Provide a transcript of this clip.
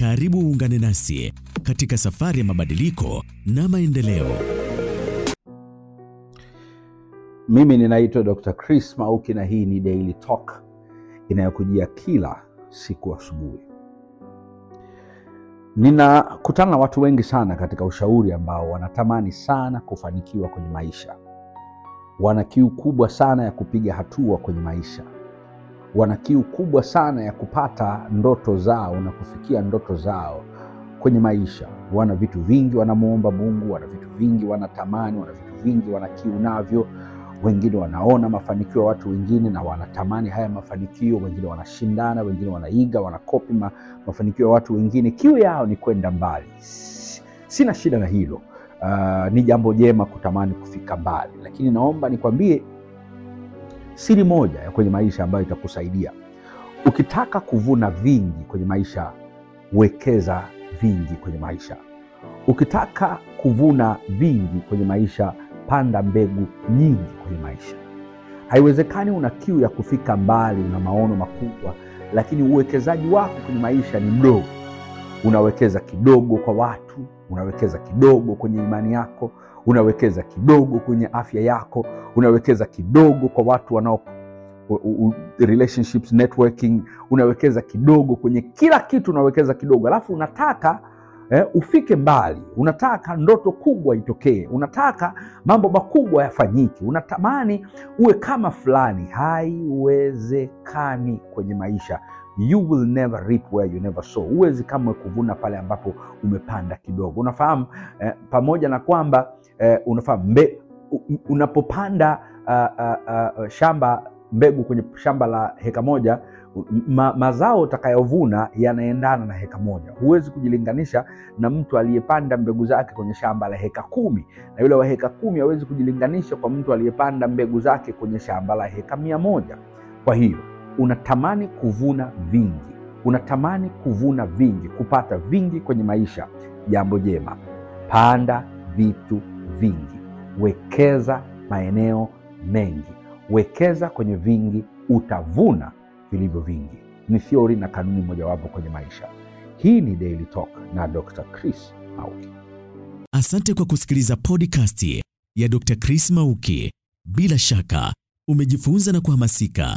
Karibu uungane nasi katika safari ya mabadiliko na maendeleo. Mimi ninaitwa Dr. Chris Mauki na hii ni Daily Talk inayokujia kila siku asubuhi. Ninakutana na watu wengi sana katika ushauri ambao wanatamani sana kufanikiwa kwenye maisha, wana kiu kubwa sana ya kupiga hatua kwenye maisha wana kiu kubwa sana ya kupata ndoto zao na kufikia ndoto zao kwenye maisha. Wana vitu vingi wanamwomba Mungu, wana vitu vingi wanatamani, wana vitu vingi wana kiu navyo. Wengine wanaona mafanikio ya watu wengine na wanatamani haya mafanikio, wengine wanashindana, wengine wanaiga, wanakopi ma, mafanikio ya watu wengine. Kiu yao ni kwenda mbali. Sina shida na hilo. Uh, ni jambo jema kutamani kufika mbali, lakini naomba nikwambie Siri moja ya kwenye maisha ambayo itakusaidia ukitaka kuvuna vingi kwenye maisha, wekeza vingi kwenye maisha. Ukitaka kuvuna vingi kwenye maisha, panda mbegu nyingi kwenye maisha. Haiwezekani una kiu ya kufika mbali, una maono makubwa, lakini uwekezaji wako kwenye maisha ni mdogo unawekeza kidogo kwa watu, unawekeza kidogo kwenye imani yako, unawekeza kidogo kwenye afya yako, unawekeza kidogo kwa watu wanao relationships, networking, unawekeza kidogo kwenye kila kitu, unawekeza kidogo, alafu unataka eh, ufike mbali, unataka ndoto kubwa itokee, unataka mambo makubwa yafanyike, unatamani uwe kama fulani. Haiwezekani kwenye maisha you will never reap where you never sow. Huwezi kamwe kuvuna pale ambapo umepanda kidogo. Unafahamu eh, pamoja na kwamba eh, unafahamu mbe, unapopanda uh, uh, uh, shamba mbegu kwenye shamba la heka moja ma, mazao utakayovuna yanaendana na heka moja. Huwezi kujilinganisha na mtu aliyepanda mbegu zake kwenye shamba la heka kumi, na yule wa heka kumi hawezi kujilinganisha kwa mtu aliyepanda mbegu zake kwenye shamba la heka mia moja. Kwa hiyo unatamani kuvuna vingi, unatamani kuvuna vingi, kupata vingi kwenye maisha, jambo jema. Panda vitu vingi, wekeza maeneo mengi, wekeza kwenye vingi, utavuna vilivyo vingi. Ni thiori na kanuni mojawapo kwenye maisha. Hii ni Daily Talk na Dr. Chris Mauki. Asante kwa kusikiliza podcast ya Dr. Chris Mauki. Bila shaka umejifunza na kuhamasika.